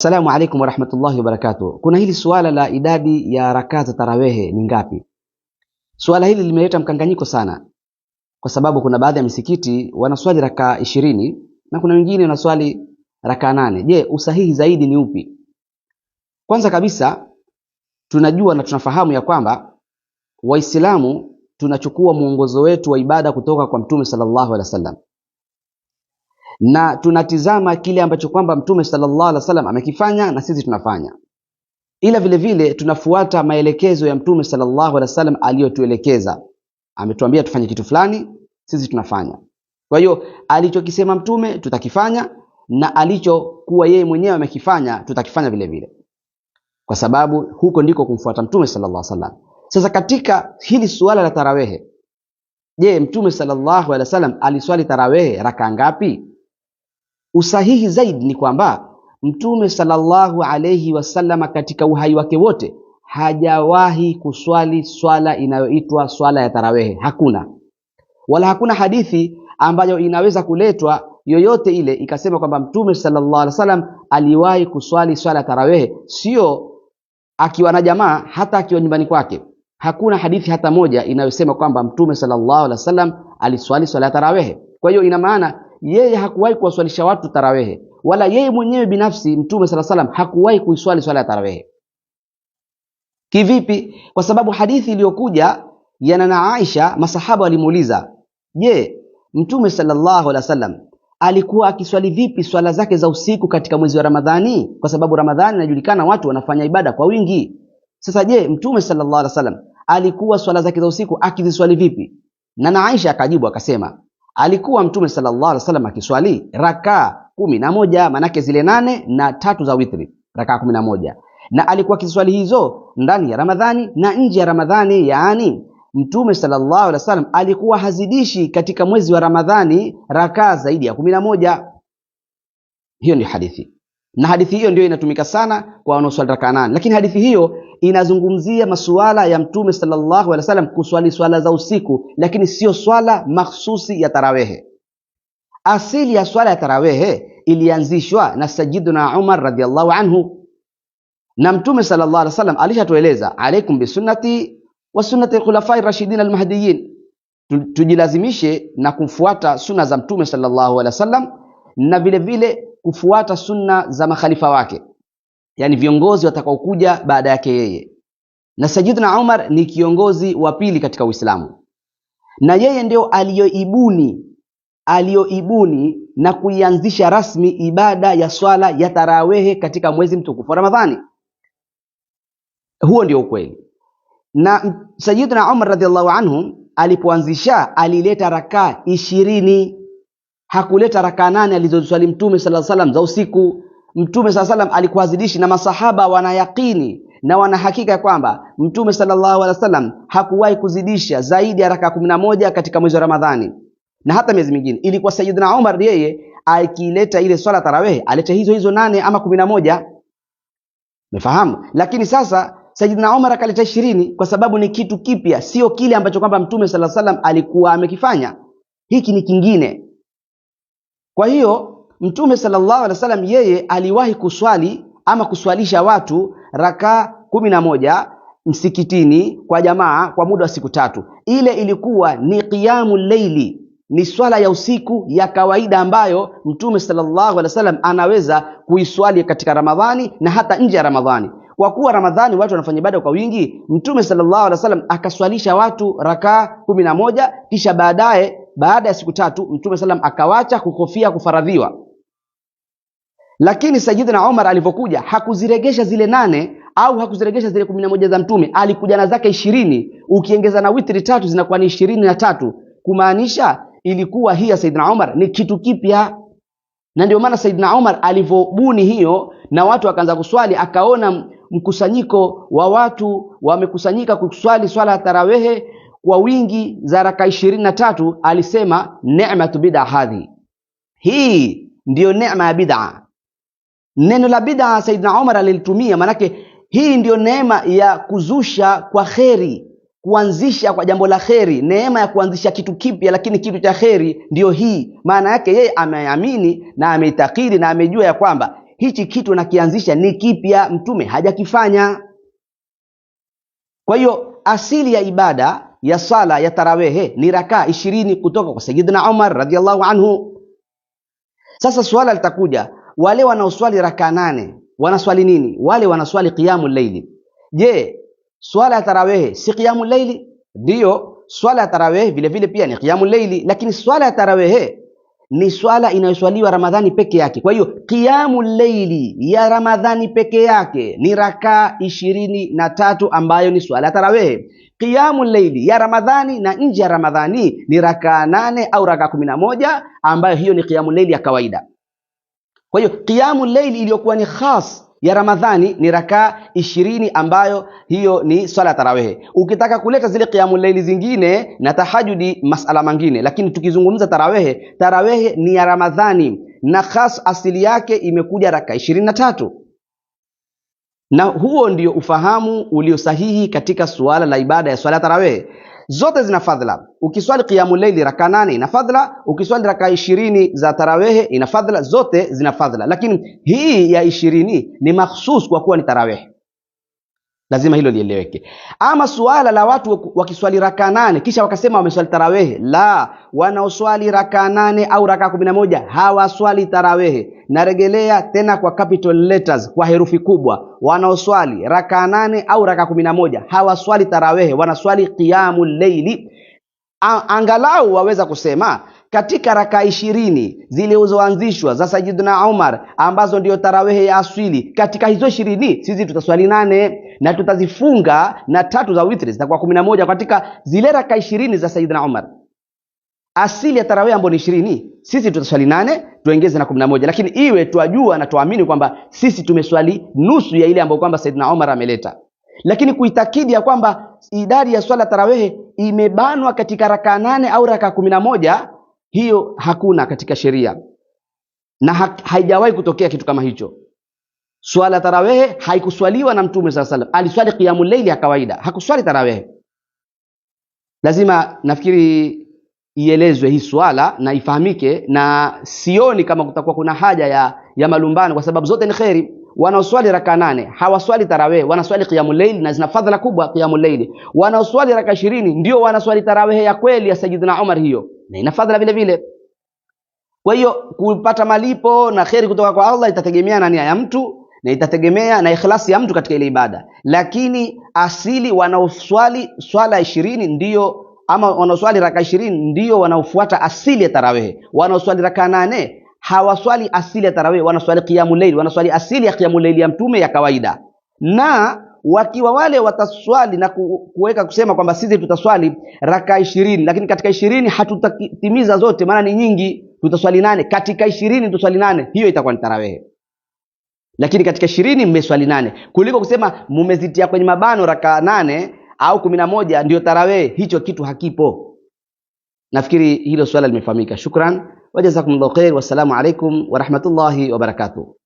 asalamu alaikum warahmatullahi wabarakatuh. Kuna hili suala la idadi ya rakaa za tarawehe ni ngapi? Suala hili limeleta mkanganyiko sana, kwa sababu kuna baadhi ya misikiti wanaswali rakaa ishirini na kuna wengine wanaswali rakaa nane. Je, usahihi zaidi ni upi? Kwanza kabisa tunajua na tunafahamu ya kwamba Waislamu tunachukua mwongozo wetu wa ibada kutoka kwa Mtume sallallahu alaihi wasallam na tunatizama kile ambacho kwamba Mtume sallallahu alaihi wasallam amekifanya na sisi tunafanya, ila vile vile tunafuata maelekezo ya Mtume sallallahu alaihi wasallam aliyotuelekeza. Ametuambia tufanye kitu fulani, sisi tunafanya. Kwa hiyo alichokisema Mtume tutakifanya na alichokuwa yeye mwenyewe amekifanya tutakifanya vile vile, kwa sababu huko ndiko kumfuata Mtume sallallahu alaihi wasallam. Sasa katika hili suala la tarawehe, je, Mtume sallallahu alaihi wasallam aliswali tarawehe raka ngapi? Usahihi zaidi ni kwamba Mtume sallallahu alayhi wasallam katika uhai wake wote hajawahi kuswali swala inayoitwa swala ya tarawehe, hakuna wala hakuna hadithi ambayo inaweza kuletwa yoyote ile ikasema kwamba Mtume sallallahu alaihi wasallam aliwahi kuswali swala ya tarawehe, sio akiwa na jamaa, hata akiwa nyumbani kwake. Hakuna hadithi hata moja inayosema kwamba Mtume sallallahu alaihi wasallam aliswali swala ya tarawehe. Kwa hiyo ina maana yeye hakuwahi kuwaswalisha watu tarawehe, wala yeye mwenyewe binafsi Mtume sala salam hakuwahi kuiswali swala ya tarawehe. Kivipi? Kwa sababu hadithi iliyokuja yana na Aisha, masahaba walimuuliza, je, Mtume sallallahu alaihi wasallam alikuwa akiswali vipi swala zake za usiku katika mwezi wa Ramadhani? Kwa sababu Ramadhani inajulikana watu wanafanya ibada kwa wingi. Sasa je, Mtume sallallahu alaihi wasallam alikuwa swala zake za usiku akiziswali vipi? na Aisha akajibu akasema alikuwa Mtume sallallahu alaihi wasallam akiswali rakaa kumi na moja manake zile nane na tatu za witri, rakaa kumi na moja na alikuwa akiswali hizo ndani ya Ramadhani na nje ya Ramadhani. Yaani Mtume sallallahu alaihi wasallam alikuwa hazidishi katika mwezi wa Ramadhani rakaa zaidi ya kumi na moja. Hiyo ndio hadithi, na hadithi hiyo ndio inatumika sana kwa wanaoswali rakaa nane, lakini hadithi hiyo inazungumzia masuala ya Mtume sallallahu alaihi wasallam kuswali swala za usiku, lakini siyo swala mahsusi ya tarawehe. Asili ya swala ya tarawehe ilianzishwa na Sayyiduna Umar radhiallahu anhu, na Mtume sallallahu alaihi wasallam alishatueleza, alaikum bisunnati wa sunnati khulafai rashidin almahdiyin, tujilazimishe na kufuata sunna za Mtume sallallahu alaihi wasallam na vilevile kufuata sunna za makhalifa wake yani viongozi watakaokuja baada yake yeye, na Sayyidina Umar ni kiongozi wa pili katika Uislamu, na yeye ndio aliyoibuni aliyoibuni na kuianzisha rasmi ibada ya swala ya tarawehe katika mwezi mtukufu wa Ramadhani. Huo ndio ukweli. Na Sayyidina Umar radhiallahu anhu alipoanzisha alileta rakaa ishirini, hakuleta rakaa nane alizoswali Mtume sallallahu alaihi wasallam za usiku Mtume saa salam alikuwa na masahaba wanayaqini na wanahakika kwamba Mtume sallallahu alaihi wasallam hakuwahi kuzidisha zaidi ya raka kumi na moja katika mwezi wa Ramadhani na hata miezi mingine. Ilikuwa Sayyidina Umar yeye akileta ile swala tarawehe alete hizo hizo nane ama kumi na moja, umefahamu? Lakini sasa Sayyidina Umar akaleta ishirini kwa sababu ni kitu kipya, sio kile ambacho kwamba Mtume sallallahu alaihi wasallam alikuwa amekifanya. Hiki ni kingine, kwa hiyo Mtume sallallahu alaihi wasallam yeye aliwahi kuswali ama kuswalisha watu rakaa kumi na moja msikitini kwa jamaa kwa muda wa siku tatu. Ile ilikuwa ni qiyamu leili, ni swala ya usiku ya kawaida ambayo Mtume sallallahu alaihi wasallam anaweza kuiswali katika Ramadhani na hata nje ya Ramadhani. Kwa kuwa Ramadhani watu wanafanya ibada kwa wingi, Mtume sallallahu alaihi wasallam akaswalisha watu rakaa kumi na moja kisha baadaye, baada ya siku tatu Mtume sallam akawacha kuhofia kufaradhiwa lakini Sayyidina Omar alivyokuja hakuziregesha zile nane au hakuziregesha zile kumi na moja za Mtume, alikuja na zake ishirini. Ukiongeza na witri tatu zinakuwa ni ishirini na tatu, kumaanisha ilikuwa hii ya Sayyidina Omar ni kitu kipya, na ndio maana Sayyidina Omar alivyobuni hiyo na watu wakaanza kuswali, akaona mkusanyiko wa watu wamekusanyika kuswali swala ya tarawehe kwa wingi za raka ishirini na tatu, alisema ni'matu bid'a hadhi, hii ndiyo neema ya bid'a Neno la bidaa Saidna Omar alilitumia, maanake hii ndiyo neema ya kuzusha kwa kheri, kuanzisha kwa jambo la kheri, neema ya kuanzisha kitu kipya, lakini kitu cha kheri ndiyo hii. Maana yake yeye ameamini na ameitakidi na amejua ya kwamba hichi kitu nakianzisha ni kipya, mtume hajakifanya. Kwa hiyo asili ya ibada ya sala ya tarawehe ni rakaa ishirini kutoka kwa Sayyidina Omar radhiallahu anhu. Sasa suala litakuja wale wanaoswali rakaa nane wanaswali nini? Wale wanaswali qiyamu laili. Je, swala ya tarawehe si qiyamu laili? Ndiyo, swala ya tarawehe vile vile pia ni qiyamu laili, lakini swala ya tarawehe ni swala inayoswaliwa Ramadhani peke yake. Kwa hiyo qiyamu laili ya Ramadhani peke yake ni rakaa ishirini na tatu ambayo ni swala ya tarawehe. Qiyamu laili ya Ramadhani na nje ya Ramadhani ni rakaa nane au rakaa kumi na moja ambayo hiyo ni qiyamu laili ya kawaida. Kwa hiyo qiyamu leili iliyokuwa ni khas ya Ramadhani ni rakaa ishirini ambayo hiyo ni swala ya tarawehe. Ukitaka kuleta zile qiyamu leili zingine na tahajudi, masala mangine, lakini tukizungumza tarawehe, tarawehe ni ya Ramadhani na khas asili yake imekuja rakaa ishirini na tatu na huo ndio ufahamu ulio sahihi katika suala la ibada ya swala ya tarawehe zote zina fadhila. Ukiswali qiyamu leili raka nane ina fadhila, ukiswali raka ishirini za tarawehe ina fadhila, zote zina fadhila, lakini hii ya ishirini ni makhsus kwa kuwa ni tarawehe lazima hilo lieleweke. Ama suala la watu wakiswali raka nane kisha wakasema wameswali tarawehe, la, wanaoswali raka nane au raka kumi na moja hawaswali tarawehe. Naregelea tena kwa capital letters, kwa herufi kubwa, wanaoswali raka nane au raka kumi na moja hawaswali tarawehe, wanaswali qiyamu leili. Angalau waweza kusema katika raka ishirini zilizoanzishwa za Sayyidina Umar ambazo ndiyo tarawehe ya aswili, katika hizo ishirini sisi tutaswali nane na tutazifunga na tatu za witri zitakuwa kumi na moja katika zile raka ishirini za Sayyidina Umar. Asili ya tarawehe ambayo ni ishirini, sisi tutaswali nane tuongeze na kumi na moja, lakini iwe twajua na tuamini kwamba sisi tumeswali nusu ya ile ambayo kwamba Sayyidina Umar ameleta, lakini kuitakidi ya kwamba idadi ya swala tarawehe imebanwa katika raka nane au raka kumi na moja hiyo hakuna katika sheria na ha haijawahi kutokea kitu kama hicho. Swala tarawehe haikuswaliwa na Mtume sala salam, aliswali qiyamul layli ya kawaida, hakuswali tarawehe. Lazima nafikiri ielezwe hii swala na ifahamike, na sioni kama kutakuwa kuna haja ya, ya malumbano, kwa sababu zote ni kheri. Wanaoswali raka nane hawaswali tarawehe, wanaswali qiyamul layli na zina fadhila kubwa qiyamul layli. Wanaoswali raka ishirini ndio wanaswali tarawehe ya kweli ya Sayyidina Umar hiyo na ina fadhila vile vile. Kwa hiyo kupata malipo na kheri kutoka kwa Allah itategemea na nia ya mtu na itategemea na ikhlasi ya mtu katika ile ibada, lakini asili wanaoswali swala ishirini ndio ama wanaoswali raka ishirini ndiyo wanaofuata asili ya tarawehe. Wanaoswali raka nane hawaswali asili ya tarawehe, wanaswali qiyamul layl, wanaswali asili ya qiyamul layl ya mtume ya kawaida na wakiwa wale wataswali na kuweka kusema kwamba sisi tutaswali raka ishirini, lakini katika ishirini hatutatimiza zote, maana ni nyingi, tutaswali nane katika ishirini, tutaswali nane, hiyo itakuwa ni tarawehe. Lakini katika ishirini mmeswali nane, kuliko kusema mumezitia kwenye mabano raka nane au kumi na moja ndio tarawehe, hicho kitu hakipo. Nafikiri hilo swala limefahamika. Shukran, wajazakumullahu khair, wassalamu alaikum warahmatullahi wabarakatuh.